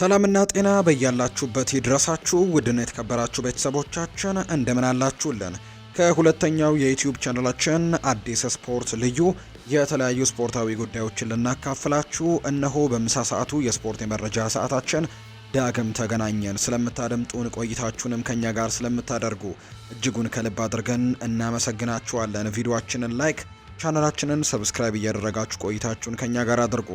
ሰላምና ጤና በያላችሁበት ይድረሳችሁ። ውድና የተከበራችሁ ቤተሰቦቻችን እንደምን አላችሁልን? ከሁለተኛው የዩትዩብ ቻናላችን አዲስ ስፖርት ልዩ የተለያዩ ስፖርታዊ ጉዳዮችን ልናካፍላችሁ እነሆ በምሳ ሰዓቱ የስፖርት የመረጃ ሰዓታችን ዳግም ተገናኘን። ስለምታደምጡን ቆይታችሁንም ከኛ ጋር ስለምታደርጉ እጅጉን ከልብ አድርገን እናመሰግናችኋለን። ቪዲዮችንን ላይክ፣ ቻናላችንን ሰብስክራይብ እያደረጋችሁ ቆይታችሁን ከኛ ጋር አድርጉ።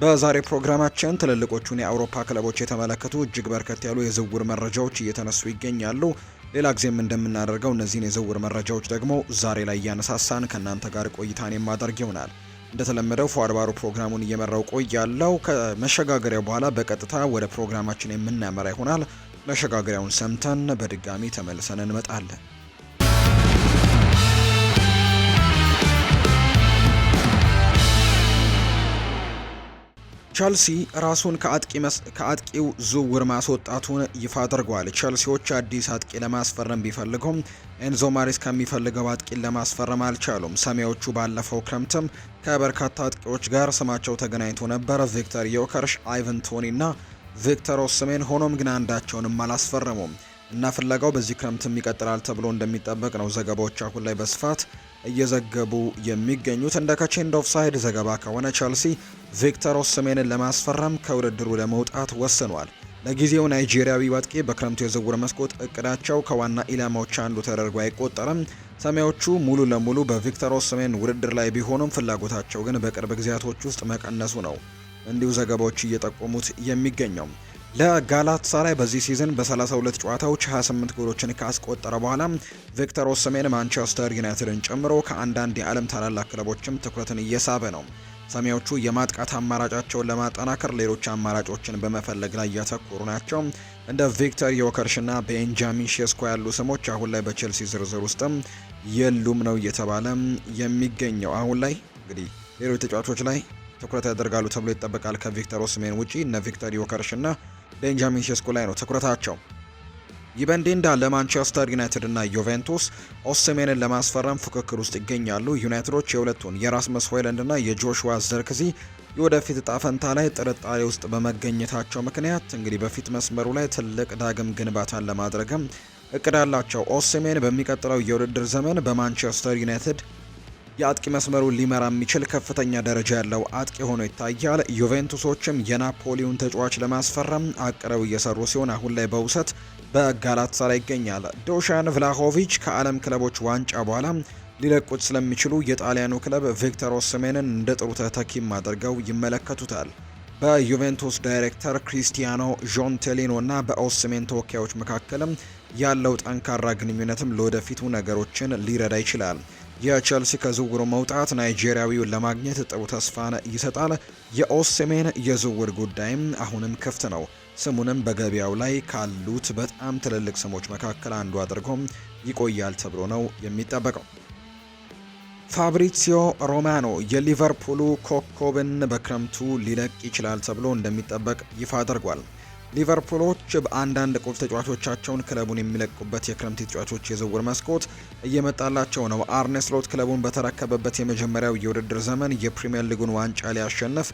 በዛሬ ፕሮግራማችን ትልልቆቹን የአውሮፓ ክለቦች የተመለከቱ እጅግ በርከት ያሉ የዝውውር መረጃዎች እየተነሱ ይገኛሉ። ሌላ ጊዜም እንደምናደርገው እነዚህን የዝውውር መረጃዎች ደግሞ ዛሬ ላይ እያነሳሳን ከእናንተ ጋር ቆይታን የማደርግ ይሆናል። እንደተለመደው ፏርባሩ ፕሮግራሙን እየመራው ቆያለው። ከመሸጋገሪያው በኋላ በቀጥታ ወደ ፕሮግራማችን የምናመራ ይሆናል። መሸጋገሪያውን ሰምተን በድጋሚ ተመልሰን እንመጣለን። ቸልሲ ራሱን ከአጥቂው ዝውውር ማስወጣቱን ይፋ አድርጓል። ቸልሲዎች አዲስ አጥቂ ለማስፈረም ቢፈልጉም ኤንዞ ማሪስ ከሚፈልገው አጥቂን ለማስፈረም አልቻሉም። ሰሜዎቹ ባለፈው ክረምትም ከበርካታ አጥቂዎች ጋር ስማቸው ተገናኝቶ ነበር። ቪክተር ዮከርሽ፣ አይቨን ቶኒ እና ቪክተር ኦስሜን። ሆኖም ግን አንዳቸውንም አላስፈረሙም እና ፍለጋው በዚህ ክረምትም ይቀጥላል ተብሎ እንደሚጠበቅ ነው ዘገባዎች አሁን ላይ በስፋት እየዘገቡ የሚገኙት። እንደ ከቼንድ ኦፍ ዘገባ ከሆነ ቸልሲ ቪክተር ኦስሜንን ለማስፈረም ከውድድሩ ለመውጣት ወስኗል። ለጊዜው ናይጄሪያዊ አጥቂ በክረምቱ የዝውውር መስኮት እቅዳቸው ከዋና ኢላማዎች አንዱ ተደርጎ አይቆጠርም። ሰማያዊዎቹ ሙሉ ለሙሉ በቪክተር ኦስሜን ውድድር ላይ ቢሆኑም ፍላጎታቸው ግን በቅርብ ጊዜያቶች ውስጥ መቀነሱ ነው እንዲሁ ዘገባዎች እየጠቆሙት የሚገኘው። ለጋላት ሳራይ በዚህ ሲዝን በ32 ጨዋታዎች 28 ጎሎችን ካስቆጠረ በኋላ ቪክተር ኦስሜን ማንቸስተር ዩናይትድን ጨምሮ ከአንዳንድ የዓለም ታላላቅ ክለቦችም ትኩረትን እየሳበ ነው። ሰማያዊዎቹ የማጥቃት አማራጫቸውን ለማጠናከር ሌሎች አማራጮችን በመፈለግ ላይ እያተኮሩ ናቸው። እንደ ቪክተር ዮከርሽና ቤንጃሚን ሼስኮ ያሉ ስሞች አሁን ላይ በቼልሲ ዝርዝር ውስጥም የሉም ነው እየተባለ የሚገኘው። አሁን ላይ እንግዲህ ሌሎች ተጫዋቾች ላይ ትኩረት ያደርጋሉ ተብሎ ይጠበቃል። ከቪክተር ኦስሜን ውጪ እነ ቪክተር ዮከርሽና ቤንጃሚን ሼስኮ ላይ ነው ትኩረታቸው። ይህ በእንዲህ እንዳለ ማንቸስተር ዩናይትድ እና ዩቬንቱስ ኦሴሜንን ለማስፈረም ፉክክር ውስጥ ይገኛሉ። ዩናይትዶች የሁለቱን የራስመስ ሆይለንድ እና የጆሹዋ ዘርክዚ የወደፊት እጣ ፈንታ ላይ ጥርጣሬ ውስጥ በመገኘታቸው ምክንያት እንግዲህ በፊት መስመሩ ላይ ትልቅ ዳግም ግንባታን ለማድረግም እቅድ አላቸው። ኦሴሜን በሚቀጥለው የውድድር ዘመን በማንቸስተር ዩናይትድ የአጥቂ መስመሩን ሊመራ የሚችል ከፍተኛ ደረጃ ያለው አጥቂ ሆኖ ይታያል። ዩቬንቱሶችም የናፖሊዮን ተጫዋች ለማስፈረም አቅረው እየሰሩ ሲሆን አሁን ላይ በውሰት በጋላታሳራይ ይገኛል። ዶሻን ቭላሆቪች ከዓለም ክለቦች ዋንጫ በኋላ ሊለቁት ስለሚችሉ የጣሊያኑ ክለብ ቪክተር ኦስሜንን እንደ ጥሩ ተተኪም አድርገው ይመለከቱታል። በዩቬንቱስ ዳይሬክተር ክሪስቲያኖ ዦንቴሊኖ እና በኦስሜን ተወካዮች መካከልም ያለው ጠንካራ ግንኙነትም ለወደፊቱ ነገሮችን ሊረዳ ይችላል። የቸልሲ ከዝውውሩ መውጣት ናይጄሪያዊውን ለማግኘት ጥሩ ተስፋን ይሰጣል። የኦሴሜን የዝውውር ጉዳይም አሁንም ክፍት ነው። ስሙንም በገበያው ላይ ካሉት በጣም ትልልቅ ስሞች መካከል አንዱ አድርጎም ይቆያል ተብሎ ነው የሚጠበቀው። ፋብሪሲዮ ሮማኖ የሊቨርፑሉ ኮከብን በክረምቱ ሊለቅ ይችላል ተብሎ እንደሚጠበቅ ይፋ አድርጓል። ሊቨርፑሎች በአንዳንድ ቁልፍ ተጫዋቾቻቸውን ክለቡን የሚለቁበት የክረምት ተጫዋቾች የዝውውር መስኮት እየመጣላቸው ነው። አርነ ስሎት ክለቡን በተረከበበት የመጀመሪያው የውድድር ዘመን የፕሪምየር ሊጉን ዋንጫ ሊያሸንፍ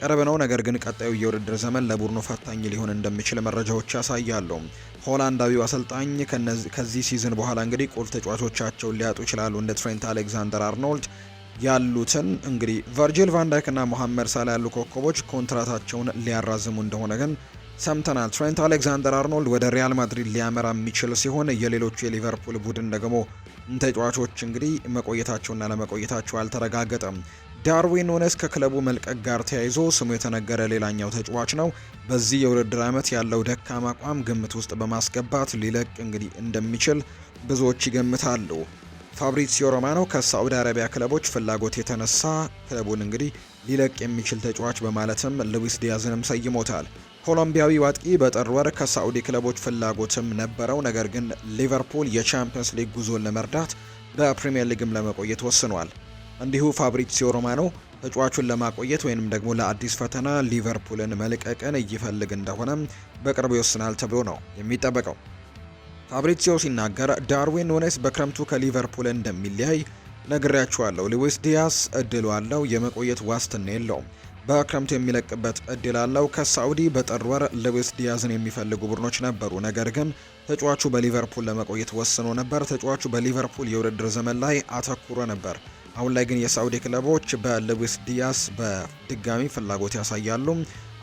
ቅርብ ነው። ነገር ግን ቀጣዩ የውድድር ዘመን ለቡድኑ ፈታኝ ሊሆን እንደሚችል መረጃዎች ያሳያሉ። ሆላንዳዊው አሰልጣኝ ከዚህ ሲዝን በኋላ እንግዲህ ቁልፍ ተጫዋቾቻቸውን ሊያጡ ይችላሉ። እንደ ትሬንት አሌክዛንደር አርኖልድ ያሉትን እንግዲህ ቨርጂል ቫንዳይክ እና ሞሐመድ ሳላ ያሉ ኮከቦች ኮንትራታቸውን ሊያራዝሙ እንደሆነ ግን ሰምተናል። ትሬንት አሌክዛንደር አርኖልድ ወደ ሪያል ማድሪድ ሊያመራ የሚችል ሲሆን የሌሎቹ የሊቨርፑል ቡድን ደግሞ ተጫዋቾች እንግዲህ መቆየታቸውና ለመቆየታቸው አልተረጋገጠም። ዳርዊን ኑኔስ ከክለቡ መልቀቅ ጋር ተያይዞ ስሙ የተነገረ ሌላኛው ተጫዋች ነው። በዚህ የውድድር ዓመት ያለው ደካማ አቋም ግምት ውስጥ በማስገባት ሊለቅ እንግዲህ እንደሚችል ብዙዎች ይገምታሉ። ፋብሪሲዮ ሮማኖ ከሳዑዲ አረቢያ ክለቦች ፍላጎት የተነሳ ክለቡን እንግዲህ ሊለቅ የሚችል ተጫዋች በማለትም ልዊስ ዲያዝንም ሰይሞታል። ኮሎምቢያዊ አጥቂ በጥር ወር ከሳዑዲ ክለቦች ፍላጎትም ነበረው። ነገር ግን ሊቨርፑል የቻምፒየንስ ሊግ ጉዞን ለመርዳት በፕሪምየር ሊግም ለመቆየት ወስኗል። እንዲሁ ፋብሪዚዮ ሮማኖ ተጫዋቹን ለማቆየት ወይንም ደግሞ ለአዲስ ፈተና ሊቨርፑልን መልቀቅን ይፈልግ እንደሆነ በቅርቡ ይወስናል ተብሎ ነው የሚጠበቀው። ፋብሪዚዮ ሲናገር ዳርዊን ኑኔስ በክረምቱ ከሊቨርፑል እንደሚለያይ ነግሬያችኋለሁ። ሉዊስ ዲያስ እድሉ አለው፣ የመቆየት ዋስትና የለውም በክረምቱ የሚለቅበት እድል አለው። ከሳዑዲ በጥር ወር ሉዊስ ዲያዝን የሚፈልጉ ቡድኖች ነበሩ፣ ነገር ግን ተጫዋቹ በሊቨርፑል ለመቆየት ወስኖ ነበር። ተጫዋቹ በሊቨርፑል የውድድር ዘመን ላይ አተኩሮ ነበር። አሁን ላይ ግን የሳዑዲ ክለቦች በሉዊስ ዲያዝ በድጋሚ ፍላጎት ያሳያሉ።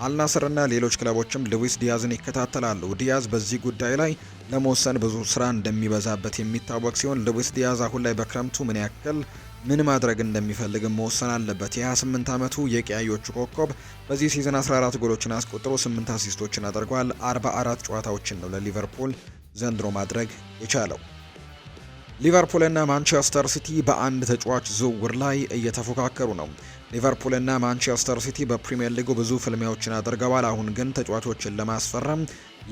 አልናስርና ሌሎች ክለቦችም ሉዊስ ዲያዝን ይከታተላሉ። ዲያዝ በዚህ ጉዳይ ላይ ለመወሰን ብዙ ስራ እንደሚበዛበት የሚታወቅ ሲሆን ሉዊስ ዲያዝ አሁን ላይ በክረምቱ ምን ያክል ምን ማድረግ እንደሚፈልግ መወሰን አለበት። የ28 ዓመቱ የቀያዮቹ ኮከብ በዚህ ሲዝን 14 ጎሎችን አስቆጥሮ 8 አሲስቶችን አድርጓል። 44 ጨዋታዎችን ነው ለሊቨርፑል ዘንድሮ ማድረግ የቻለው። ሊቨርፑልና ማንቸስተር ሲቲ በአንድ ተጫዋች ዝውውር ላይ እየተፎካከሩ ነው። ሊቨርፑልና ማንቸስተር ሲቲ በፕሪምየር ሊጉ ብዙ ፍልሚያዎችን አድርገዋል። አሁን ግን ተጫዋቾችን ለማስፈረም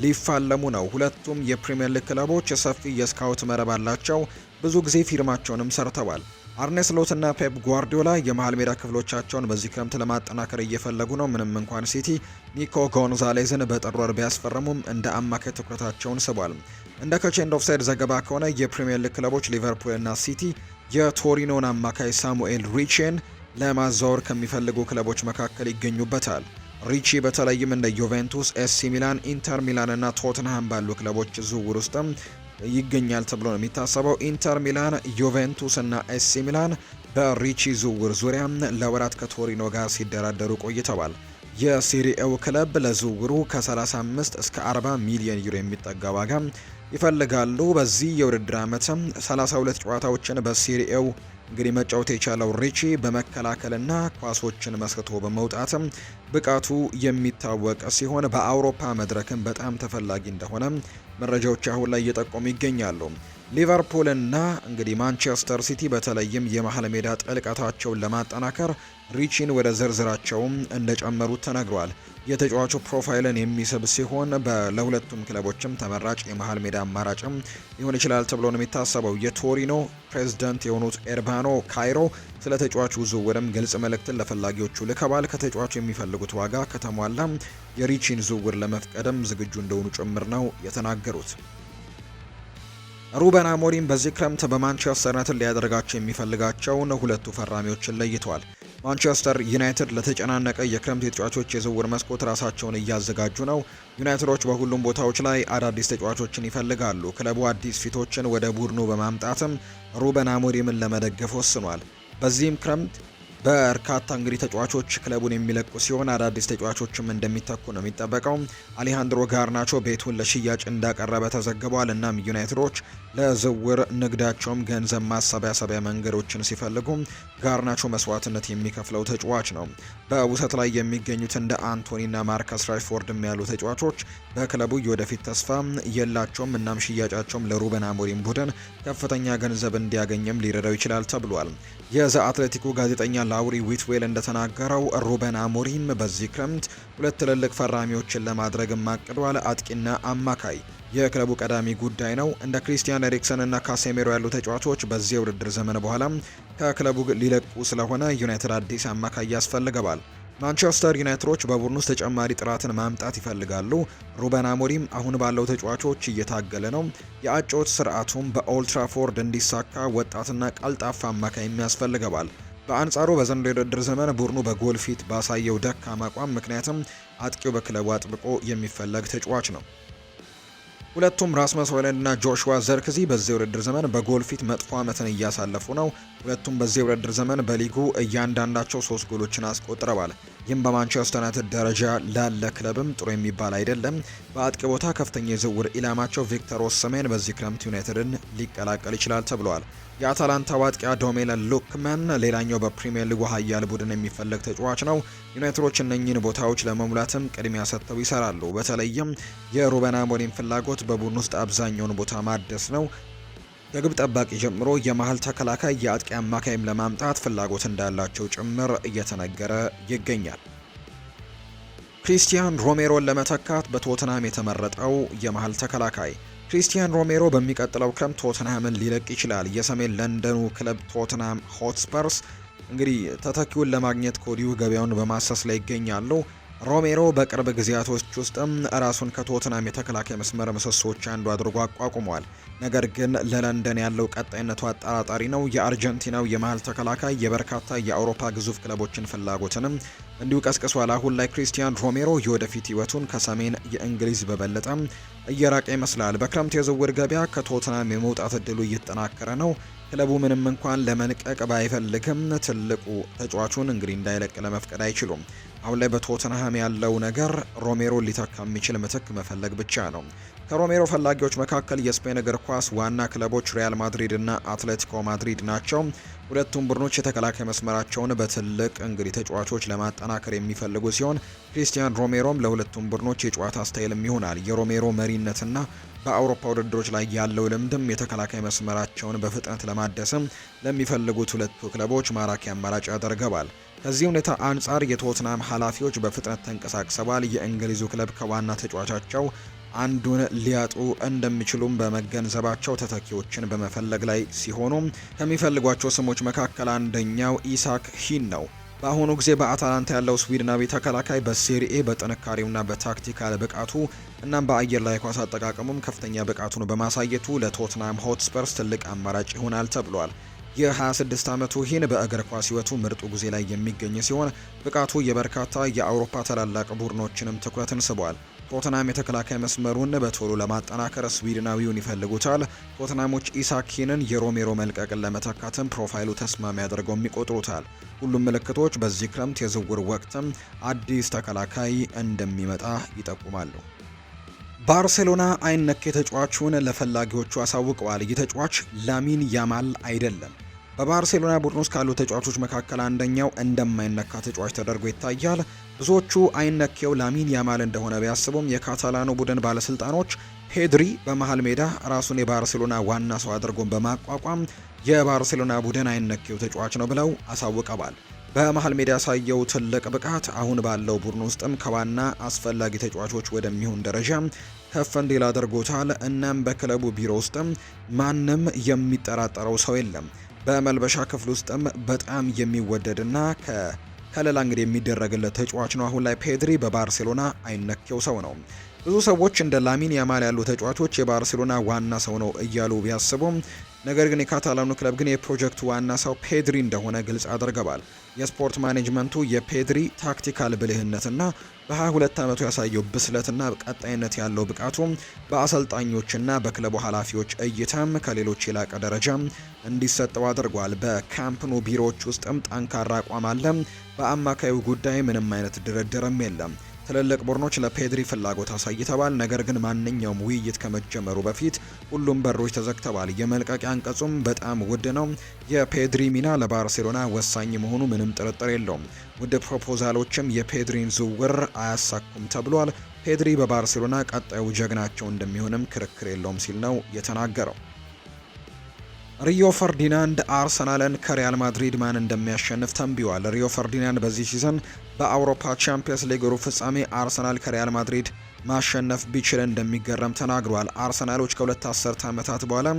ሊፋለሙ ነው። ሁለቱም የፕሪምየር ሊግ ክለቦች ሰፊ የስካውት መረብ አላቸው። ብዙ ጊዜ ፊርማቸውንም ሰርተዋል። አርኔ እና ፔፕ ጓርዲዮላ የመሃል ሜዳ ክፍሎቻቸውን በዚህ ክረምት ለማጠናከር እየፈለጉ ነው። ምንም እንኳን ሲቲ ኒኮ ጎንዛሌዝን በጥር ወር ቢያስፈረሙም እንደ አማካይ ትኩረታቸውን ስቧል። እንደ ከቼንድ ኦፍሳይድ ዘገባ ከሆነ የፕሪምየር ሊግ ክለቦች ሊቨርፑልና ሲቲ የቶሪኖን አማካይ ሳሙኤል ሪቼን ለማዛወር ከሚፈልጉ ክለቦች መካከል ይገኙበታል። ሪቺ በተለይም እንደ ዩቬንቱስ፣ ኤሲ ሚላን፣ ኢንተር ሚላን እና ቶትንሃም ባሉ ክለቦች ዝውውር ውስጥም ይገኛል ተብሎ ነው የሚታሰበው። ኢንተር ሚላን፣ ዩቬንቱስ እና ኤሲ ሚላን በሪቺ ዝውውር ዙሪያ ለወራት ከቶሪኖ ጋር ሲደራደሩ ቆይተዋል። የሲሪኤው ክለብ ለዝውውሩ ከ35 እስከ 40 ሚሊዮን ዩሮ የሚጠጋ ዋጋ ይፈልጋሉ። በዚህ የውድድር ዓመትም 32 ጨዋታዎችን በሲሪኤው እንግዲህ መጫወት የቻለው ሪቺ በመከላከልና ኳሶችን መስክቶ በመውጣትም ብቃቱ የሚታወቅ ሲሆን በአውሮፓ መድረክም በጣም ተፈላጊ እንደሆነ መረጃዎች አሁን ላይ እየጠቆሙ ይገኛሉ። ሊቨርፑልና እንግዲህ ማንቸስተር ሲቲ በተለይም የመሀል ሜዳ ጥልቀታቸውን ለማጠናከር ሪቺን ወደ ዝርዝራቸውም እንደጨመሩት ተነግሯል። የተጫዋቹ ፕሮፋይልን የሚስብ ሲሆን ለሁለቱም ክለቦችም ተመራጭ የመሀል ሜዳ አማራጭም ሊሆን ይችላል ተብሎ ነው የሚታሰበው። የቶሪኖ ፕሬዝዳንት የሆኑት ኤርባኖ ካይሮ ስለ ተጫዋቹ ዝውውርም ግልጽ መልእክትን ለፈላጊዎቹ ልከባል። ከተጫዋቹ የሚፈልጉት ዋጋ ከተሟላ የሪቺን ዝውውር ለመፍቀድም ዝግጁ እንደሆኑ ጭምር ነው የተናገሩት። ሩበን አሞሪም በዚህ ክረምት በማንቸስተር ዩናይትድ ሊያደርጋቸው የሚፈልጋቸውን ሁለቱ ፈራሚዎችን ለይተዋል። ማንቸስተር ዩናይትድ ለተጨናነቀ የክረምት የተጫዋቾች የዝውውር መስኮት ራሳቸውን እያዘጋጁ ነው። ዩናይትዶች በሁሉም ቦታዎች ላይ አዳዲስ ተጫዋቾችን ይፈልጋሉ። ክለቡ አዲስ ፊቶችን ወደ ቡድኑ በማምጣትም ሩበን አሞሪምን ለመደገፍ ወስኗል። በዚህም ክረምት በርካታ እንግዲህ ተጫዋቾች ክለቡን የሚለቁ ሲሆን አዳዲስ ተጫዋቾችም እንደሚተኩ ነው የሚጠበቀው። አሌሃንድሮ ጋርናቾ ቤቱን ለሽያጭ እንዳቀረበ ተዘግቧል። እናም ዩናይትዶች ለዝውውር ንግዳቸውም ገንዘብ ማሰባሰቢያ መንገዶችን ሲፈልጉ ጋርናቾ መስዋዕትነት የሚከፍለው ተጫዋች ነው። በውሰት ላይ የሚገኙት እንደ አንቶኒና ማርከስ ራሽፎርድም ያሉ ተጫዋቾች በክለቡ የወደፊት ተስፋ የላቸውም። እናም ሽያጫቸውም ለሩበን አሞሪም ቡድን ከፍተኛ ገንዘብ እንዲያገኝም ሊረዳው ይችላል ተብሏል። የዘ አትሌቲኩ ጋዜጠኛ ላውሪ ዊትዌል እንደተናገረው ሩበን አሞሪም በዚህ ክረምት ሁለት ትልልቅ ፈራሚዎችን ለማድረግ ማቅዷል። አጥቂና አማካይ የክለቡ ቀዳሚ ጉዳይ ነው። እንደ ክሪስቲያን ኤሪክሰን እና ካሴሜሮ ያሉ ተጫዋቾች በዚህ የውድድር ዘመን በኋላ ከክለቡ ሊለቁ ስለሆነ ዩናይትድ አዲስ አማካይ ያስፈልገዋል። ማንቸስተር ዩናይትዶች በቡድን ውስጥ ተጨማሪ ጥራትን ማምጣት ይፈልጋሉ። ሩበን አሞሪም አሁን ባለው ተጫዋቾች እየታገለ ነው። የአጨዋወት ስርዓቱም በኦልትራፎርድ እንዲሳካ ወጣትና ቀልጣፋ አማካይ የሚያስፈልገዋል። በአንጻሩ በዘንድሮው የውድድር ዘመን ቡድኑ በጎል ፊት ባሳየው ደካማ አቋም ምክንያትም አጥቂው በክለቡ አጥብቆ የሚፈለግ ተጫዋች ነው። ሁለቱም ራስመስ ሆይሉንድ እና ጆሹዋ ዘርክዚ በዚህ ውድድር ዘመን በጎል ፊት መጥፎ ዓመትን እያሳለፉ ነው። ሁለቱም በዚህ ውድድር ዘመን በሊጉ እያንዳንዳቸው ሶስት ጎሎችን አስቆጥረዋል። ይህም በማንቸስተር ዩናይትድ ደረጃ ላለ ክለብም ጥሩ የሚባል አይደለም። በአጥቂ ቦታ ከፍተኛ የዝውውር ኢላማቸው ቪክተር ኦሰሜን በዚህ ክረምት ዩናይትድን ሊቀላቀል ይችላል ተብሏል። የአታላንታ ዋጥቂያ ዶሜለ ሉክመን ሌላኛው በፕሪምየር ሊጉ ኃያል ቡድን የሚፈለግ ተጫዋች ነው። ዩናይትዶች እነኚህን ቦታዎች ለመሙላትም ቅድሚያ ሰጥተው ይሰራሉ። በተለይም የሩበን አሞሪም ፍላጎት በቡድን ውስጥ አብዛኛውን ቦታ ማደስ ነው። ከግብ ጠባቂ ጀምሮ የመሀል ተከላካይ፣ የአጥቂ አማካይም ለማምጣት ፍላጎት እንዳላቸው ጭምር እየተነገረ ይገኛል። ክሪስቲያን ሮሜሮን ለመተካት በቶትናም የተመረጠው የመሀል ተከላካይ ክሪስቲያን ሮሜሮ በሚቀጥለው ክረምት ቶትንሃምን ሊለቅ ይችላል። የሰሜን ለንደኑ ክለብ ቶትንሃም ሆትስፐርስ እንግዲህ ተተኪውን ለማግኘት ከወዲሁ ገበያውን በማሰስ ላይ ይገኛሉ። ሮሜሮ በቅርብ ጊዜያቶች ውስጥም ራሱን ከቶትናም የተከላካይ መስመር ምሰሶች አንዱ አድርጎ አቋቁሟል። ነገር ግን ለለንደን ያለው ቀጣይነቱ አጠራጣሪ ነው። የአርጀንቲናው የመሀል ተከላካይ የበርካታ የአውሮፓ ግዙፍ ክለቦችን ፍላጎትንም እንዲሁ ቀስቅሷል። አሁን ላይ ክሪስቲያን ሮሜሮ የወደፊት ህይወቱን ከሰሜን የእንግሊዝ በበለጠ እየራቀ ይመስላል። በክረምት የዝውውር ገበያ ከቶትናም የመውጣት እድሉ እየተጠናከረ ነው። ክለቡ ምንም እንኳን ለመልቀቅ ባይፈልግም ትልቁ ተጫዋቹን እንግዲህ እንዳይለቅ ለመፍቀድ አይችሉም። አሁን ላይ በቶተንሃም ያለው ነገር ሮሜሮን ሊተካ የሚችል ምትክ መፈለግ ብቻ ነው። ከሮሜሮ ፈላጊዎች መካከል የስፔን እግር ኳስ ዋና ክለቦች ሪያል ማድሪድ እና አትሌቲኮ ማድሪድ ናቸው። ሁለቱም ቡድኖች የተከላካይ መስመራቸውን በትልቅ እንግዲህ ተጫዋቾች ለማጠናከር የሚፈልጉ ሲሆን ክሪስቲያን ሮሜሮም ለሁለቱም ቡድኖች የጨዋታ ስታይልም ይሆናል። የሮሜሮ መሪነትና በአውሮፓ ውድድሮች ላይ ያለው ልምድም የተከላካይ መስመራቸውን በፍጥነት ለማደስም ለሚፈልጉት ሁለቱ ክለቦች ማራኪ አማራጭ ያደርገዋል። ከዚህ ሁኔታ አንጻር የቶትናም ኃላፊዎች በፍጥነት ተንቀሳቅሰዋል። የእንግሊዙ ክለብ ከዋና ተጫዋቻቸው አንዱን ሊያጡ እንደሚችሉም በመገንዘባቸው ተተኪዎችን በመፈለግ ላይ ሲሆኑ ከሚፈልጓቸው ስሞች መካከል አንደኛው ኢሳክ ሂን ነው። በአሁኑ ጊዜ በአታላንታ ያለው ስዊድናዊ ተከላካይ በሴሪኤ በጥንካሬውና በታክቲካል ብቃቱ እናም በአየር ላይ ኳስ አጠቃቀሙም ከፍተኛ ብቃቱን በማሳየቱ ለቶትናም ሆትስፐርስ ትልቅ አማራጭ ይሆናል ተብሏል። የ26 ዓመቱ ሂን በእግር ኳስ ሕይወቱ ምርጡ ጊዜ ላይ የሚገኝ ሲሆን ብቃቱ የበርካታ የአውሮፓ ታላላቅ ቡድኖችንም ትኩረትን ስቧል። ቶትናም የተከላካይ መስመሩን በቶሎ ለማጠናከር ስዊድናዊውን ይፈልጉታል። ቶትናሞች ኢሳኪንን የሮሜሮ መልቀቅን ለመተካትም ፕሮፋይሉ ተስማሚ አድርገውም ይቆጥሩታል። ሁሉም ምልክቶች በዚህ ክረምት የዝውውር ወቅትም አዲስ ተከላካይ እንደሚመጣ ይጠቁማሉ። ባርሴሎና አይነኬ ተጫዋቹን ለፈላጊዎቹ አሳውቀዋል። ይህ ተጫዋች ላሚን ያማል አይደለም። በባርሴሎና ቡድን ውስጥ ካሉ ተጫዋቾች መካከል አንደኛው እንደማይነካ ተጫዋች ተደርጎ ይታያል። ብዙዎቹ አይነኬው ላሚን ያማል እንደሆነ ቢያስቡም የካታላኑ ቡድን ባለስልጣኖች ፔድሪ በመሃል ሜዳ ራሱን የባርሴሎና ዋና ሰው አድርጎን በማቋቋም የባርሴሎና ቡድን አይነኬው ተጫዋች ነው ብለው አሳውቀዋል። በመሃል ሜዳ ያሳየው ትልቅ ብቃት አሁን ባለው ቡድን ውስጥም ከዋና አስፈላጊ ተጫዋቾች ወደሚሆን ደረጃ ከፍ እንዲል አድርጎታል። እናም በክለቡ ቢሮ ውስጥም ማንም የሚጠራጠረው ሰው የለም። በመልበሻ ክፍል ውስጥም በጣም የሚወደድና ከለላ እንግዲህ የሚደረግለት ተጫዋች ነው። አሁን ላይ ፔድሪ በባርሴሎና አይነኬው ሰው ነው። ብዙ ሰዎች እንደ ላሚን ያማል ያሉ ተጫዋቾች የባርሴሎና ዋና ሰው ነው እያሉ ቢያስቡም ነገር ግን የካታላኑ ክለብ ግን የፕሮጀክቱ ዋና ሰው ፔድሪ እንደሆነ ግልጽ አድርገዋል። የስፖርት ማኔጅመንቱ የፔድሪ ታክቲካል ብልህነትና በ22 ዓመቱ ያሳየው ብስለትና ቀጣይነት ያለው ብቃቱ በአሰልጣኞችና በክለቡ ኃላፊዎች እይታም ከሌሎች የላቀ ደረጃ እንዲሰጠው አድርጓል። በካምፕኑ ቢሮዎች ውስጥም ጠንካራ አቋም አለ። በአማካዩ ጉዳይ ምንም አይነት ድርድርም የለም። ትልልቅ ቡድኖች ለፔድሪ ፍላጎት አሳይተዋል። ነገር ግን ማንኛውም ውይይት ከመጀመሩ በፊት ሁሉም በሮች ተዘግተዋል። የመልቀቂያ አንቀጹም በጣም ውድ ነው። የፔድሪ ሚና ለባርሴሎና ወሳኝ መሆኑ ምንም ጥርጥር የለውም። ውድ ፕሮፖዛሎችም የፔድሪን ዝውውር አያሳኩም ተብሏል። ፔድሪ በባርሴሎና ቀጣዩ ጀግናቸው እንደሚሆንም ክርክር የለውም ሲል ነው የተናገረው። ሪዮ ፈርዲናንድ አርሰናልን ከሪያል ማድሪድ ማን እንደሚያሸንፍ ተንቢዋል። ሪዮ ፈርዲናንድ በዚህ ሲዘን በአውሮፓ ቻምፒየንስ ሊግ ሩብ ፍጻሜ አርሰናል ከሪያል ማድሪድ ማሸነፍ ቢችል እንደሚገረም ተናግሯል። አርሰናሎች ከሁለት አስርት ዓመታት በኋላ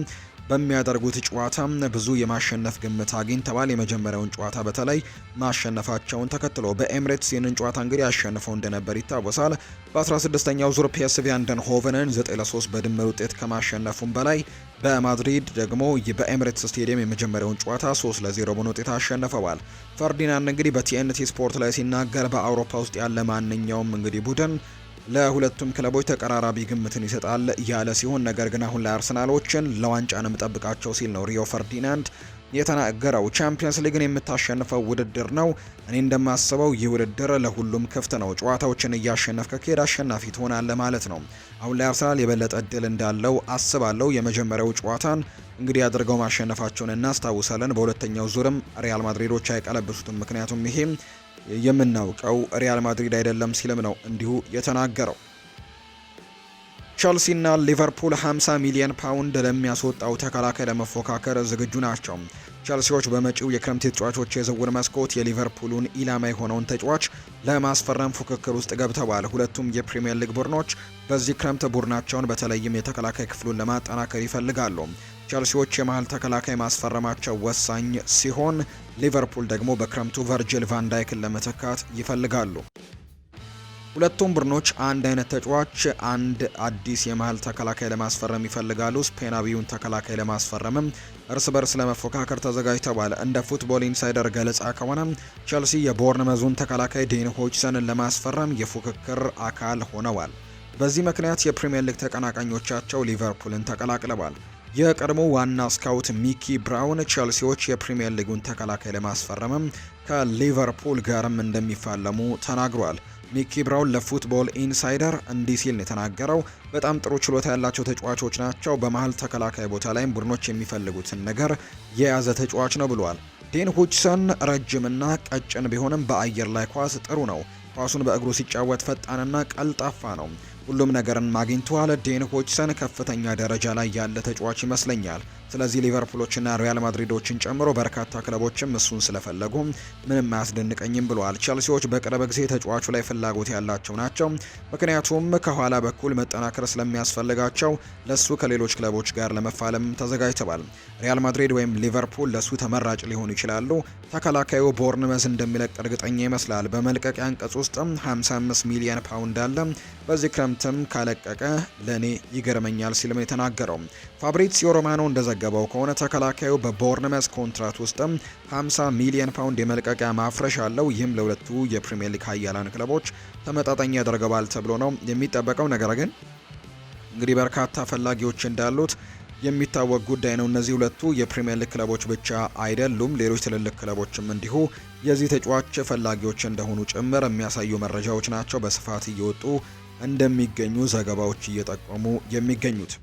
በሚያደርጉት ጨዋታ ብዙ የማሸነፍ ግምት አግኝተዋል። የመጀመሪያውን ጨዋታ በተለይ ማሸነፋቸውን ተከትሎ በኤምሬትስ ይህንን ጨዋታ እንግዲህ አሸንፈው እንደነበር ይታወሳል። በ16ኛው ዙር ፒኤስቪ ሆቨንን 9 ለ3 በድምር ውጤት ከማሸነፉም በላይ በማድሪድ ደግሞ በኤምሬትስ ስቴዲየም የመጀመሪያውን ጨዋታ 3 ለ0 በሆነ ውጤት አሸንፈዋል። ፈርዲናንድ እንግዲህ በቲኤንቲ ስፖርት ላይ ሲናገር በአውሮፓ ውስጥ ያለ ማንኛውም እንግዲህ ቡድን ለሁለቱም ክለቦች ተቀራራቢ ግምትን ይሰጣል ያለ ሲሆን ነገር ግን አሁን ላይ አርሰናሎችን ለዋንጫ ነው የምጠብቃቸው ሲል ነው ሪዮ ፈርዲናንድ የተናገረው። ቻምፒየንስ ሊግን የምታሸንፈው ውድድር ነው። እኔ እንደማስበው ይህ ውድድር ለሁሉም ክፍት ነው። ጨዋታዎችን እያሸነፍ ከሄድ አሸናፊ ትሆናለህ ማለት ነው። አሁን ላይ አርሰናል የበለጠ እድል እንዳለው አስባለሁ። የመጀመሪያው ጨዋታን እንግዲህ አድርገው ማሸነፋቸውን እናስታውሳለን። በሁለተኛው ዙርም ሪያል ማድሪዶች አይቀለብሱትም። ምክንያቱም ይሄ የምናውቀው ሪያል ማድሪድ አይደለም ሲልም ነው እንዲሁ የተናገረው። ቸልሲና ሊቨርፑል 50 ሚሊዮን ፓውንድ ለሚያስወጣው ተከላካይ ለመፎካከር ዝግጁ ናቸው። ቸልሲዎች በመጪው የክረምት ተጫዋቾች የዝውውር መስኮት የሊቨርፑሉን ኢላማ የሆነውን ተጫዋች ለማስፈረም ፉክክር ውስጥ ገብተዋል። ሁለቱም የፕሪምየር ሊግ ቡድኖች በዚህ ክረምት ቡድናቸውን በተለይም የተከላካይ ክፍሉን ለማጠናከር ይፈልጋሉ። ቸልሲዎች የመሃል ተከላካይ ማስፈረማቸው ወሳኝ ሲሆን፣ ሊቨርፑል ደግሞ በክረምቱ ቨርጅል ቫንዳይክን ለመተካት ይፈልጋሉ። ሁለቱም ቡድኖች አንድ አይነት ተጫዋች አንድ አዲስ የመሀል ተከላካይ ለማስፈረም ይፈልጋሉ። ስፔናዊውን ተከላካይ ለማስፈረምም እርስ በርስ ለመፎካከር ተዘጋጅተዋል። እንደ ፉትቦል ኢንሳይደር ገለጻ ከሆነ ቸልሲ የቦርንመዙን ተከላካይ ዴን ሆጅሰንን ለማስፈረም የፉክክር አካል ሆነዋል። በዚህ ምክንያት የፕሪምየር ሊግ ተቀናቃኞቻቸው ሊቨርፑልን ተቀላቅለዋል። የቀድሞ ዋና ስካውት ሚኪ ብራውን ቸልሲዎች የፕሪምየር ሊጉን ተከላካይ ለማስፈረምም ከሊቨርፑል ጋርም እንደሚፋለሙ ተናግሯል። ኒኪ ብራውን ለፉትቦል ኢንሳይደር እንዲህ ሲል የተናገረው። በጣም ጥሩ ችሎታ ያላቸው ተጫዋቾች ናቸው። በመሀል ተከላካይ ቦታ ላይም ቡድኖች የሚፈልጉትን ነገር የያዘ ተጫዋች ነው ብሏል። ዴን ሁችሰን ረጅምና ቀጭን ቢሆንም በአየር ላይ ኳስ ጥሩ ነው። ኳሱን በእግሩ ሲጫወት ፈጣንና ቀልጣፋ ነው። ሁሉም ነገርን ማግኝተዋል። ዴን ሆችሰን ከፍተኛ ደረጃ ላይ ያለ ተጫዋች ይመስለኛል። ስለዚህ ሊቨርፑሎችና ሪያል ማድሪዶችን ጨምሮ በርካታ ክለቦችም እሱን ስለፈለጉ ምንም አያስደንቀኝም ብለዋል። ቸልሲዎች በቅርብ ጊዜ ተጫዋቹ ላይ ፍላጎት ያላቸው ናቸው፣ ምክንያቱም ከኋላ በኩል መጠናከር ስለሚያስፈልጋቸው ለሱ ከሌሎች ክለቦች ጋር ለመፋለም ተዘጋጅተዋል። ሪያል ማድሪድ ወይም ሊቨርፑል ለሱ ተመራጭ ሊሆኑ ይችላሉ። ተከላካዩ ቦርንመዝ እንደሚለቅ እርግጠኛ ይመስላል። በመልቀቂያ አንቀጽ ውስጥም 55 ሚሊዮን ፓውንድ አለ። በዚህ ክረምት ትናንትም ካለቀቀ ለእኔ ይገርመኛል ሲል የተናገረው። ፋብሪሲዮ ሮማኖ እንደዘገበው ከሆነ ተከላካዩ በቦርንመስ ኮንትራት ውስጥም 50 ሚሊዮን ፓውንድ የመልቀቂያ ማፍረሽ አለው። ይህም ለሁለቱ የፕሪምየር ሊግ ኃያላን ክለቦች ተመጣጣኝ ያደርገዋል ተብሎ ነው የሚጠበቀው። ነገር ግን እንግዲህ በርካታ ፈላጊዎች እንዳሉት የሚታወቅ ጉዳይ ነው። እነዚህ ሁለቱ የፕሪምየር ሊግ ክለቦች ብቻ አይደሉም። ሌሎች ትልልቅ ክለቦችም እንዲሁ የዚህ ተጫዋች ፈላጊዎች እንደሆኑ ጭምር የሚያሳዩ መረጃዎች ናቸው በስፋት እየወጡ እንደሚገኙ ዘገባዎች እየጠቆሙ የሚገኙት።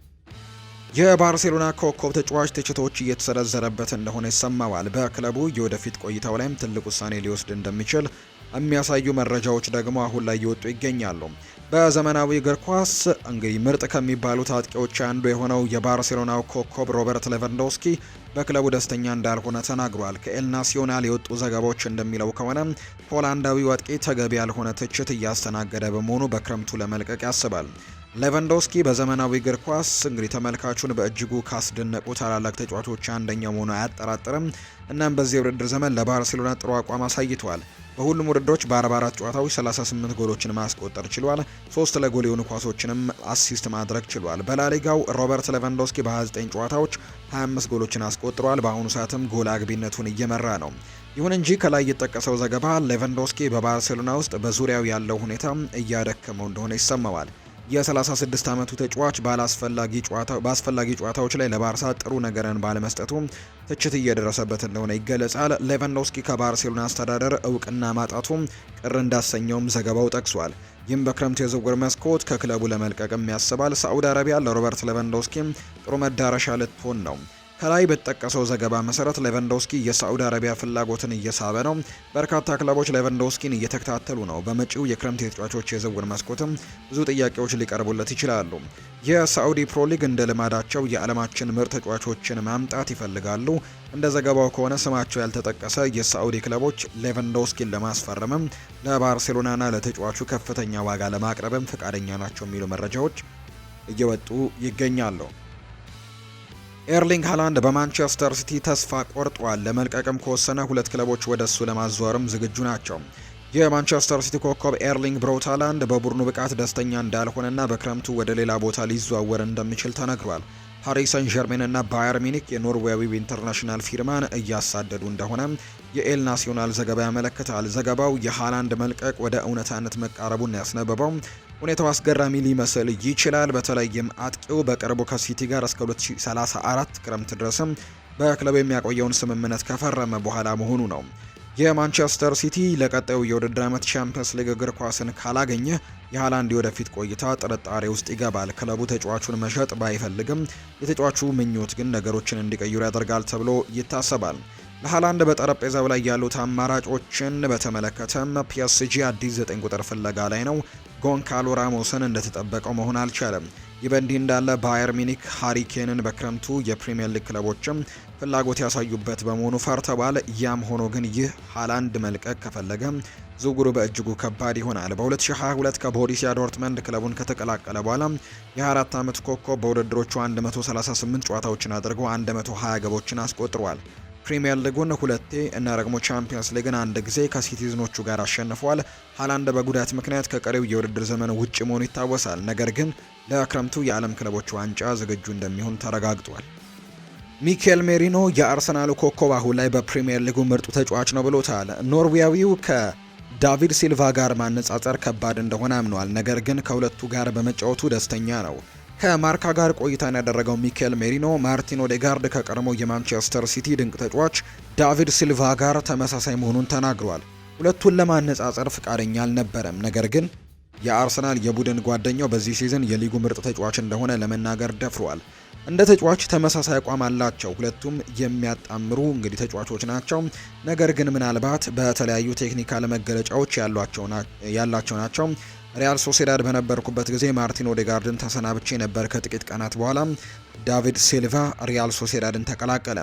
የባርሴሎና ኮከብ ተጫዋች ትችቶች እየተሰነዘረበት እንደሆነ ይሰማዋል። በክለቡ የወደፊት ቆይታው ላይም ትልቅ ውሳኔ ሊወስድ እንደሚችል የሚያሳዩ መረጃዎች ደግሞ አሁን ላይ እየወጡ ይገኛሉ። በዘመናዊ እግር ኳስ እንግዲህ ምርጥ ከሚባሉት አጥቂዎች አንዱ የሆነው የባርሴሎናው ኮከብ ሮበርት ሌቫንዶስኪ በክለቡ ደስተኛ እንዳልሆነ ተናግሯል። ከኤል ናሲዮናል የወጡ ዘገባዎች እንደሚለው ከሆነ ፖላንዳዊው አጥቂ ተገቢ ያልሆነ ትችት እያስተናገደ በመሆኑ በክረምቱ ለመልቀቅ ያስባል። ሌቫንዶስኪ በዘመናዊ እግር ኳስ እንግዲህ ተመልካቹን በእጅጉ ካስደነቁ ታላላቅ ተጫዋቾች አንደኛው መሆኑ አያጠራጥርም። እናም በዚህ የውድድር ዘመን ለባርሴሎና ጥሩ አቋም አሳይቷል። በሁሉም ውድድሮች በ44 ጨዋታዎች 38 ጎሎችን ማስቆጠር ችሏል። ሶስት ለጎል የሆኑ ኳሶችንም አሲስት ማድረግ ችሏል። በላሊጋው ሮበርት ሌቫንዶስኪ በ29 ጨዋታዎች 25 ጎሎችን አስቆጥሯል። በአሁኑ ሰዓትም ጎል አግቢነቱን እየመራ ነው። ይሁን እንጂ ከላይ የጠቀሰው ዘገባ ሌቫንዶስኪ በባርሴሎና ውስጥ በዙሪያው ያለው ሁኔታ እያደከመው እንደሆነ ይሰማዋል። የ36 ዓመቱ ተጫዋች በአስፈላጊ ጨዋታዎች ላይ ለባርሳ ጥሩ ነገርን ባለመስጠቱ ትችት እየደረሰበት እንደሆነ ይገለጻል። ሌቫንዶስኪ ከባርሴሎና አስተዳደር እውቅና ማጣቱ ቅር እንዳሰኘውም ዘገባው ጠቅሷል። ይህም በክረምት የዝውውር መስኮት ከክለቡ ለመልቀቅም ያስባል። ሳዑዲ አረቢያ ለሮበርት ሌቫንዶስኪ ጥሩ መዳረሻ ልትሆን ነው። ከላይ በተጠቀሰው ዘገባ መሰረት ሌቫንዶስኪ የሳዑዲ አረቢያ ፍላጎትን እየሳበ ነው። በርካታ ክለቦች ሌቫንዶስኪን እየተከታተሉ ነው። በመጪው የክረምት የተጫዋቾች የዝውውር መስኮትም ብዙ ጥያቄዎች ሊቀርቡለት ይችላሉ። የሳዑዲ ፕሮሊግ እንደ ልማዳቸው የዓለማችን ምርጥ ተጫዋቾችን ማምጣት ይፈልጋሉ። እንደ ዘገባው ከሆነ ስማቸው ያልተጠቀሰ የሳዑዲ ክለቦች ሌቫንዶስኪን ለማስፈረምም ለባርሴሎናና ለተጫዋቹ ከፍተኛ ዋጋ ለማቅረብም ፈቃደኛ ናቸው የሚሉ መረጃዎች እየወጡ ይገኛሉ። ኤርሊንግ ሃላንድ በማንቸስተር ሲቲ ተስፋ ቆርጧል። ለመልቀቅም ከወሰነ ሁለት ክለቦች ወደ እሱ ለማዘዋወርም ዝግጁ ናቸው። የማንቸስተር ሲቲ ኮከብ ኤርሊንግ ብሮት ሃላንድ በቡድኑ ብቃት ደስተኛ እንዳልሆነና በክረምቱ ወደ ሌላ ቦታ ሊዘዋወር እንደሚችል ተነግሯል። ሃሪ ሰን ዠርሜን እና ባየር ሚኒክ የኖርዌያዊው ኢንተርናሽናል ፊርማን እያሳደዱ እንደሆነ የኤል ናሲዮናል ዘገባ ያመለክታል። ዘገባው የሃላንድ መልቀቅ ወደ እውነታነት መቃረቡን ያስነበበው ሁኔታው አስገራሚ ሊመስል ይችላል። በተለይም አጥቂው በቅርቡ ከሲቲ ጋር እስከ 2034 ክረምት ድረስም በክለብ የሚያቆየውን ስምምነት ከፈረመ በኋላ መሆኑ ነው። የማንቸስተር ሲቲ ለቀጣዩ የውድድር ዓመት ቻምፒየንስ ሊግ እግር ኳስን ካላገኘ የሃላንድ የወደፊት ቆይታ ጥርጣሬ ውስጥ ይገባል። ክለቡ ተጫዋቹን መሸጥ ባይፈልግም የተጫዋቹ ምኞት ግን ነገሮችን እንዲቀይሩ ያደርጋል ተብሎ ይታሰባል። ለሃላንድ በጠረጴዛው ላይ ያሉት አማራጮችን በተመለከተም ፒኤስጂ አዲስ 9 ቁጥር ፍለጋ ላይ ነው። ጎንካሎ ራሞስን እንደተጠበቀው መሆን አልቻለም። ይህ በእንዲህ እንዳለ ባየር ሚኒክ ሃሪኬንን በክረምቱ የፕሪምየር ሊግ ክለቦችም ፍላጎት ያሳዩበት በመሆኑ ፈርተባል። ያም ሆኖ ግን ይህ ሃላንድ መልቀቅ ከፈለገ ዝውውሩ በእጅጉ ከባድ ይሆናል። በ2022 ከቦሪሲያ ዶርትመንድ ክለቡን ከተቀላቀለ በኋላ የ24 ዓመት ኮከብ በውድድሮቹ 138 ጨዋታዎችን አድርጎ 120 ገቦችን አስቆጥሯል። ፕሪሚየር ሊጉን ሁለቴ እና ደግሞ ቻምፒየንስ ሊግን አንድ ጊዜ ከሲቲዝኖቹ ጋር አሸንፏል። ሃላንድ በጉዳት ምክንያት ከቀሪው የውድድር ዘመን ውጭ መሆኑ ይታወሳል። ነገር ግን ለክረምቱ የዓለም ክለቦች ዋንጫ ዝግጁ እንደሚሆን ተረጋግጧል። ሚኬል ሜሪኖ የአርሰናሉ ኮከብ አሁን ላይ በፕሪሚየር ሊጉ ምርጡ ተጫዋች ነው ብሎታል። ኖርዌያዊው ከዳቪድ ሲልቫ ጋር ማነጻጸር ከባድ እንደሆነ አምኗል። ነገር ግን ከሁለቱ ጋር በመጫወቱ ደስተኛ ነው። ከማርካ ጋር ቆይታን ያደረገው ሚካኤል ሜሪኖ ማርቲን ኦዴጋርድ ከቀድሞ የማንቸስተር ሲቲ ድንቅ ተጫዋች ዳቪድ ሲልቫ ጋር ተመሳሳይ መሆኑን ተናግሯል። ሁለቱን ለማነጻጸር ፍቃደኛ አልነበረም። ነገር ግን የአርሰናል የቡድን ጓደኛው በዚህ ሲዝን የሊጉ ምርጥ ተጫዋች እንደሆነ ለመናገር ደፍሯል። እንደ ተጫዋች ተመሳሳይ አቋም አላቸው። ሁለቱም የሚያጣምሩ እንግዲህ ተጫዋቾች ናቸው። ነገር ግን ምናልባት በተለያዩ ቴክኒካል መገለጫዎች ያላቸው ናቸው። ሪያል ሶሴዳድ በነበርኩበት ጊዜ ማርቲን ኦዴጋርድን ተሰናብቼ ነበር። ከጥቂት ቀናት በኋላ ዳቪድ ሲልቫ ሪያል ሶሴዳድን ተቀላቀለ።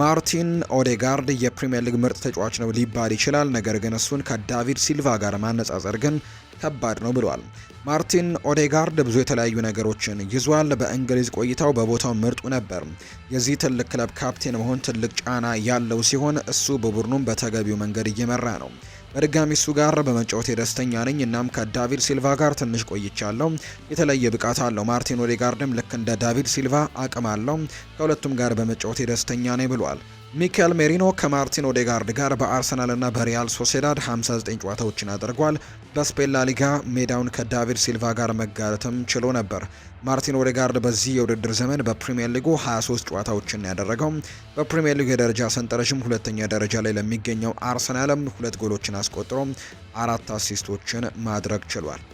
ማርቲን ኦዴጋርድ የፕሪምየር ሊግ ምርጥ ተጫዋች ነው ሊባል ይችላል፣ ነገር ግን እሱን ከዳቪድ ሲልቫ ጋር ማነጻጸር ግን ከባድ ነው ብሏል። ማርቲን ኦዴጋርድ ብዙ የተለያዩ ነገሮችን ይዟል። በእንግሊዝ ቆይታው በቦታው ምርጡ ነበር። የዚህ ትልቅ ክለብ ካፕቴን መሆን ትልቅ ጫና ያለው ሲሆን እሱ በቡድኑም በተገቢው መንገድ እየመራ ነው። በድጋሚ እሱ ጋር በመጫወቴ ደስተኛ ነኝ። እናም ከዳቪድ ሲልቫ ጋር ትንሽ ቆይቻለሁ። የተለየ ብቃት አለው። ማርቲን ኦዴጋርድም ልክ እንደ ዳቪድ ሲልቫ አቅም አለው። ከሁለቱም ጋር በመጫወቴ ደስተኛ ነኝ ብሏል። ሚካኤል ሜሪኖ ከማርቲን ኦዴጋርድ ጋር በአርሰናልና በሪያል ሶሴዳድ 59 ጨዋታዎችን አድርጓል። በስፔን ላሊጋ ሜዳውን ከዳቪድ ሲልቫ ጋር መጋረትም ችሎ ነበር። ማርቲን ኦዴጋርድ በዚህ የውድድር ዘመን በፕሪምየር ሊጉ 23 ጨዋታዎችን ያደረገው በፕሪምየር ሊጉ የደረጃ ሰንጠረዥም ሁለተኛ ደረጃ ላይ ለሚገኘው አርሰናልም ሁለት ጎሎችን አስቆጥሮ አራት አሲስቶችን ማድረግ ችሏል።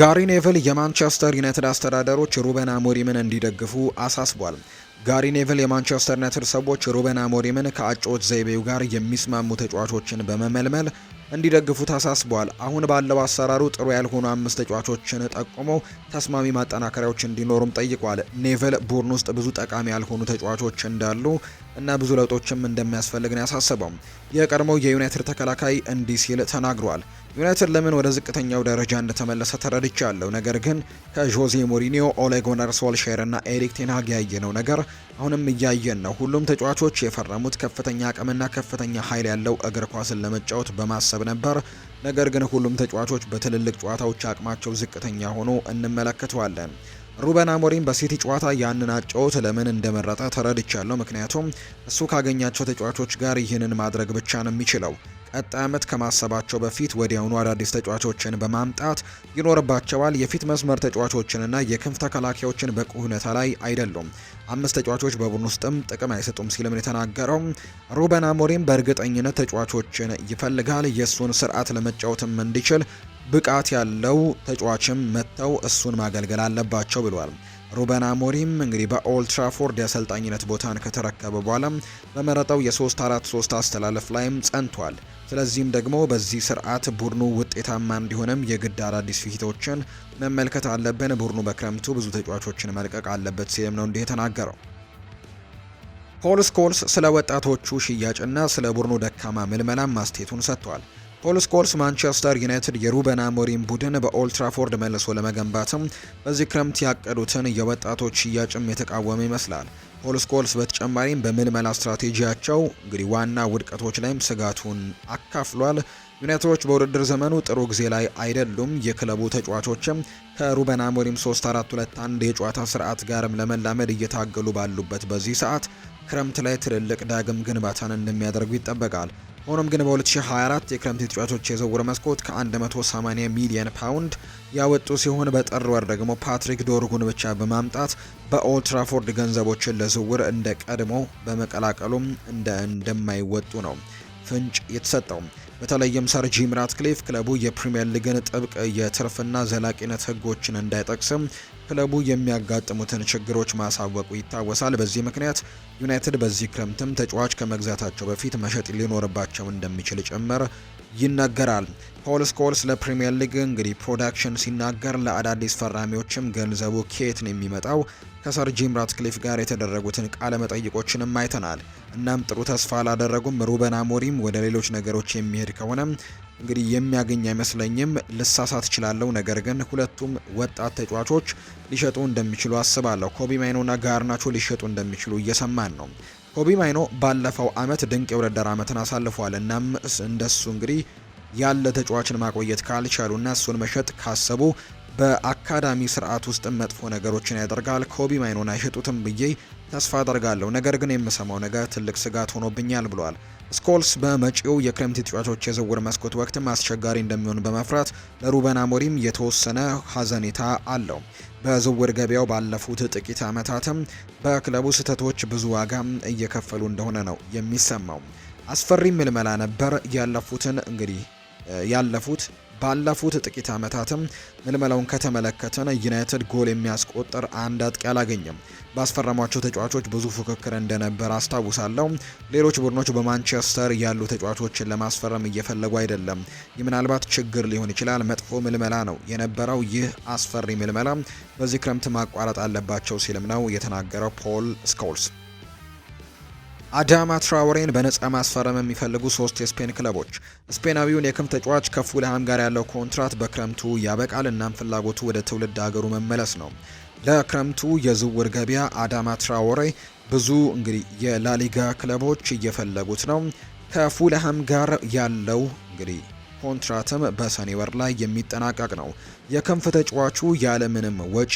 ጋሪ ኔቭል የማንቸስተር ዩናይትድ አስተዳደሮች ሩበን አሞሪምን እንዲደግፉ አሳስቧል። ጋሪ ኔቭል የማንቸስተር ዩናይትድ ሰዎች ሩበን አሞሪምን ከአጮች ዘይቤው ጋር የሚስማሙ ተጫዋቾችን በመመልመል እንዲደግፉ ታሳስበዋል። አሁን ባለው አሰራሩ ጥሩ ያልሆኑ አምስት ተጫዋቾችን ጠቁሞ ተስማሚ ማጠናከሪያዎች እንዲኖሩም ጠይቋል። ኔቨል ቡድን ውስጥ ብዙ ጠቃሚ ያልሆኑ ተጫዋቾች እንዳሉ እና ብዙ ለውጦችም እንደሚያስፈልግ ነው ያሳሰበው። የቀድሞው የዩናይትድ ተከላካይ እንዲህ ሲል ተናግሯል። ዩናይትድ ለምን ወደ ዝቅተኛው ደረጃ እንደተመለሰ ተረድቻለሁ። ነገር ግን ከዦዜ ሞሪኒዮ፣ ኦሌ ጉናር ሶልሼር እና ኤሪክ ቴንሃግ ያየነው ነገር አሁንም እያየን ነው። ሁሉም ተጫዋቾች የፈረሙት ከፍተኛ አቅምና ከፍተኛ ኃይል ያለው እግር ኳስን ለመጫወት በማሰብ ነበር። ነገር ግን ሁሉም ተጫዋቾች በትልልቅ ጨዋታዎች አቅማቸው ዝቅተኛ ሆኖ እንመለከተዋለን። ሩበን አሞሪም በሲቲ ጨዋታ ያንን አጨዋወት ለምን እንደመረጠ ተረድቻለሁ። ምክንያቱም እሱ ካገኛቸው ተጫዋቾች ጋር ይህንን ማድረግ ብቻ ነው የሚችለው። ቀጣይ ዓመት ከማሰባቸው በፊት ወዲያውኑ አዳዲስ ተጫዋቾችን በማምጣት ይኖርባቸዋል። የፊት መስመር ተጫዋቾችንና የክንፍ ተከላካዮችን በቁ ሁኔታ ላይ አይደሉም። አምስት ተጫዋቾች በቡድን ውስጥም ጥቅም አይሰጡም ሲልም የተናገረው ሩበን አሞሪም በእርግጠኝነት ተጫዋቾችን ይፈልጋል። የእሱን ስርዓት ለመጫወትም እንዲችል ብቃት ያለው ተጫዋችም መጥተው እሱን ማገልገል አለባቸው ብሏል። ሩበን አሞሪም እንግዲህ በኦልትራፎርድ የአሰልጣኝነት ቦታን ከተረከበ በኋላ በመረጠው የ343 አስተላለፍ ላይም ጸንቷል። ስለዚህም ደግሞ በዚህ ስርዓት ቡድኑ ውጤታማ እንዲሆንም የግድ አዳዲስ ፊቶችን መመልከት አለብን። ቡድኑ በክረምቱ ብዙ ተጫዋቾችን መልቀቅ አለበት ሲልም ነው እንዲህ የተናገረው። ፖል ስኮልስ ስለ ወጣቶቹ ሽያጭና ስለ ቡድኑ ደካማ ምልመላም ማስቴቱን ሰጥቷል። ፖል ስኮልስ ማንቸስተር ዩናይትድ የሩበን አሞሪም ቡድን በኦልትራፎርድ መልሶ ለመገንባትም በዚህ ክረምት ያቀዱትን የወጣቶች ሽያጭም የተቃወመ ይመስላል። ፖል ስኮልስ በተጨማሪም በምልመላ ስትራቴጂያቸው እንግዲህ ዋና ውድቀቶች ላይም ስጋቱን አካፍሏል። ዩናይትዶች በውድድር ዘመኑ ጥሩ ጊዜ ላይ አይደሉም። የክለቡ ተጫዋቾችም ከሩበን አሞሪም 3-4-2-1 የጨዋታ ስርዓት ጋርም ለመላመድ እየታገሉ ባሉበት በዚህ ሰዓት ክረምት ላይ ትልልቅ ዳግም ግንባታን እንደሚያደርጉ ይጠበቃል። ሆኖም ግን በ2024 የክረምት ተጫዋቾች የዝውውር መስኮት ከ180 ሚሊዮን ፓውንድ ያወጡ ሲሆን በጥር ወር ደግሞ ፓትሪክ ዶርጉን ብቻ በማምጣት በኦልትራፎርድ ገንዘቦችን ለዝውውር እንደ ቀድሞ በመቀላቀሉም እንደ እንደማይወጡ ነው ፍንጭ የተሰጠው። በተለይም ሰር ጂም ራትክሊፍ ክለቡ የፕሪምየር ሊግን ጥብቅ የትርፍና ዘላቂነት ህጎችን እንዳይጠቅስም ክለቡ የሚያጋጥሙትን ችግሮች ማሳወቁ ይታወሳል። በዚህ ምክንያት ዩናይትድ በዚህ ክረምትም ተጫዋች ከመግዛታቸው በፊት መሸጥ ሊኖርባቸው እንደሚችል ጭምር ይነገራል። ፖል ስኮልስ ለፕሪምየር ሊግ እንግዲህ ፕሮዳክሽን ሲናገር ለአዳዲስ ፈራሚዎችም ገንዘቡ ኬት ነው የሚመጣው? ከሰር ጂም ራትክሊፍ ጋር የተደረጉትን ቃለ መጠይቆችንም አይተናል። እናም ጥሩ ተስፋ አላደረጉም። ሩበን አሞሪም ወደ ሌሎች ነገሮች የሚሄድ ከሆነ እንግዲህ የሚያገኝ አይመስለኝም። ልሳሳት እችላለሁ፣ ነገር ግን ሁለቱም ወጣት ተጫዋቾች ሊሸጡ እንደሚችሉ አስባለሁ። ኮቢ ማይኖና ጋርናቾ ሊሸጡ እንደሚችሉ እየሰማን ነው። ኮቢ ማይኖ ባለፈው አመት ድንቅ የውድድር አመትን አሳልፏል። እናም እንደሱ እንግዲህ ያለ ተጫዋችን ማቆየት ካልቻሉና እሱን መሸጥ ካሰቡ በአካዳሚ ስርዓት ውስጥ መጥፎ ነገሮችን ያደርጋል። ኮቢ ማይኖን አይሸጡትም ብዬ ተስፋ አደርጋለሁ፣ ነገር ግን የምሰማው ነገር ትልቅ ስጋት ሆኖብኛል ብሏል። ስኮልስ በመጪው የክረምት ተጫዋቾች የዝውውር መስኮት ወቅትም አስቸጋሪ እንደሚሆን በመፍራት ለሩበን አሞሪም የተወሰነ ሀዘኔታ አለው። በዝውውር ገበያው ባለፉት ጥቂት ዓመታትም በክለቡ ስህተቶች ብዙ ዋጋ እየከፈሉ እንደሆነ ነው የሚሰማው። አስፈሪ ምልመላ ነበር ያለፉትን እንግዲህ ያለፉት ባለፉት ጥቂት ዓመታትም ምልመላውን ከተመለከተን ዩናይትድ ጎል የሚያስቆጥር አንድ አጥቂ አላገኘም። ባስፈረሟቸው ተጫዋቾች ብዙ ፉክክር እንደነበር አስታውሳለሁ። ሌሎች ቡድኖች በማንቸስተር ያሉ ተጫዋቾችን ለማስፈረም እየፈለጉ አይደለም። ይህ ምናልባት ችግር ሊሆን ይችላል። መጥፎ ምልመላ ነው የነበረው። ይህ አስፈሪ ምልመላ በዚህ ክረምት ማቋረጥ አለባቸው ሲልም ነው የተናገረው ፖል ስኮልስ። አዳማ ትራወሬን በነፃ ማስፈረም የሚፈልጉ ሶስት የስፔን ክለቦች ስፔናዊውን የክም ተጫዋች ከፉልሃም ጋር ያለው ኮንትራት በክረምቱ ያበቃል። እናም ፍላጎቱ ወደ ትውልድ ሀገሩ መመለስ ነው። ለክረምቱ የዝውውር ገበያ አዳማ ትራወሬ ብዙ እንግዲህ የላሊጋ ክለቦች እየፈለጉት ነው። ከፉልሃም ጋር ያለው እንግዲህ ኮንትራትም በሰኔ ወር ላይ የሚጠናቀቅ ነው። የክንፍ ተጫዋቹ ያለምንም ወጪ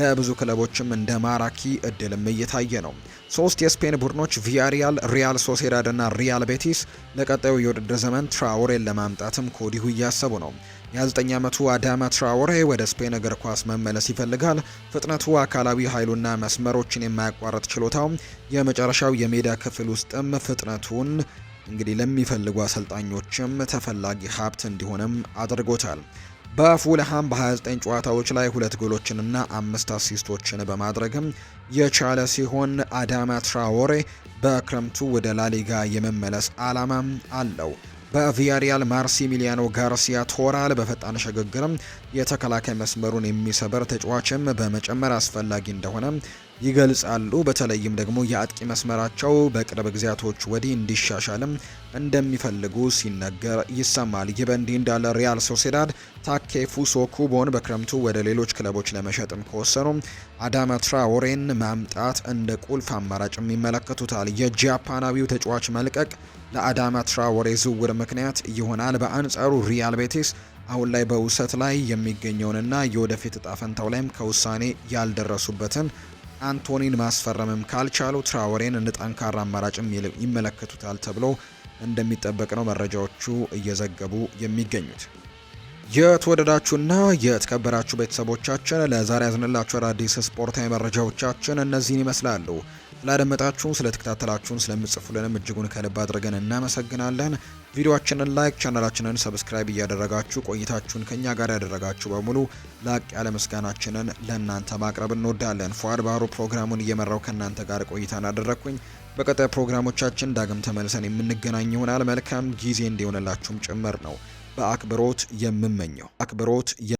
ለብዙ ክለቦችም እንደ ማራኪ እድልም እየታየ ነው። ሶስት የስፔን ቡድኖች ቪያሪያል፣ ሪያል ሶሴዳድ እና ሪያል ቤቲስ ለቀጣዩ የውድድር ዘመን ትራዎሬን ለማምጣትም ከወዲሁ እያሰቡ ነው። የ29 ዓመቱ አዳማ ትራወሬ ወደ ስፔን እግር ኳስ መመለስ ይፈልጋል። ፍጥነቱ፣ አካላዊ ኃይሉና መስመሮችን የማያቋርጥ ችሎታው የመጨረሻው የሜዳ ክፍል ውስጥም ፍጥነቱን እንግዲህ ለሚፈልጉ አሰልጣኞችም ተፈላጊ ሀብት እንዲሆንም አድርጎታል። በፉልሃም በ29 ጨዋታዎች ላይ ሁለት ጎሎችንና አምስት አሲስቶችን በማድረግም የቻለ ሲሆን አዳማ ትራወሬ በክረምቱ ወደ ላሊጋ የመመለስ ዓላማም አለው። በቪያሪያል ማርሲሚሊያኖ ጋርሲያ ቶራል በፈጣን ሽግግርም የተከላካይ መስመሩን የሚሰበር ተጫዋችም በመጨመር አስፈላጊ እንደሆነ ይገልጻሉ። በተለይም ደግሞ የአጥቂ መስመራቸው በቅርብ ጊዜያቶች ወዲህ እንዲሻሻልም እንደሚፈልጉ ሲነገር ይሰማል። ይህ በእንዲህ እንዳለ ሪያል ሶሴዳድ ታኬፉሶ ኩቦን በክረምቱ ወደ ሌሎች ክለቦች ለመሸጥም ከወሰኑ አዳማ ትራዎሬን ማምጣት እንደ ቁልፍ አማራጭም ይመለከቱታል። የጃፓናዊው ተጫዋች መልቀቅ ለአዳማ ትራወሬ ዝውውር ምክንያት ይሆናል። በአንጻሩ ሪያል ቤቲስ አሁን ላይ በውሰት ላይ የሚገኘውንና የወደፊት እጣ ፈንታው ላይም ከውሳኔ ያልደረሱበትን አንቶኒን ማስፈረምም ካልቻሉ ትራወሬን እንደ ጠንካራ አማራጭም ይመለከቱታል ተብሎ እንደሚጠበቅ ነው መረጃዎቹ እየዘገቡ የሚገኙት። የተወደዳችሁና የተከበራችሁ ቤተሰቦቻችን ለዛሬ ያዝንላችሁ አዳዲስ ስፖርታዊ መረጃዎቻችን እነዚህን ይመስላሉ። ስላደመጣችሁን፣ ስለተከታተላችሁን፣ ስለምጽፉልንም እጅጉን ከልብ አድርገን እናመሰግናለን። ቪዲዮአችንን ላይክ፣ ቻናላችንን ሰብስክራይብ እያደረጋችሁ ቆይታችሁን ከእኛ ጋር ያደረጋችሁ በሙሉ ላቅ ያለ ምስጋናችንን ለእናንተ ማቅረብ እንወዳለን። ፏድ ባህሩ ፕሮግራሙን እየመራው ከእናንተ ጋር ቆይታን እናደረግኩኝ። በቀጣይ ፕሮግራሞቻችን ዳግም ተመልሰን የምንገናኝ ይሆናል። መልካም ጊዜ እንዲሆንላችሁም ጭምር ነው በአክብሮት የምመኘው አክብሮት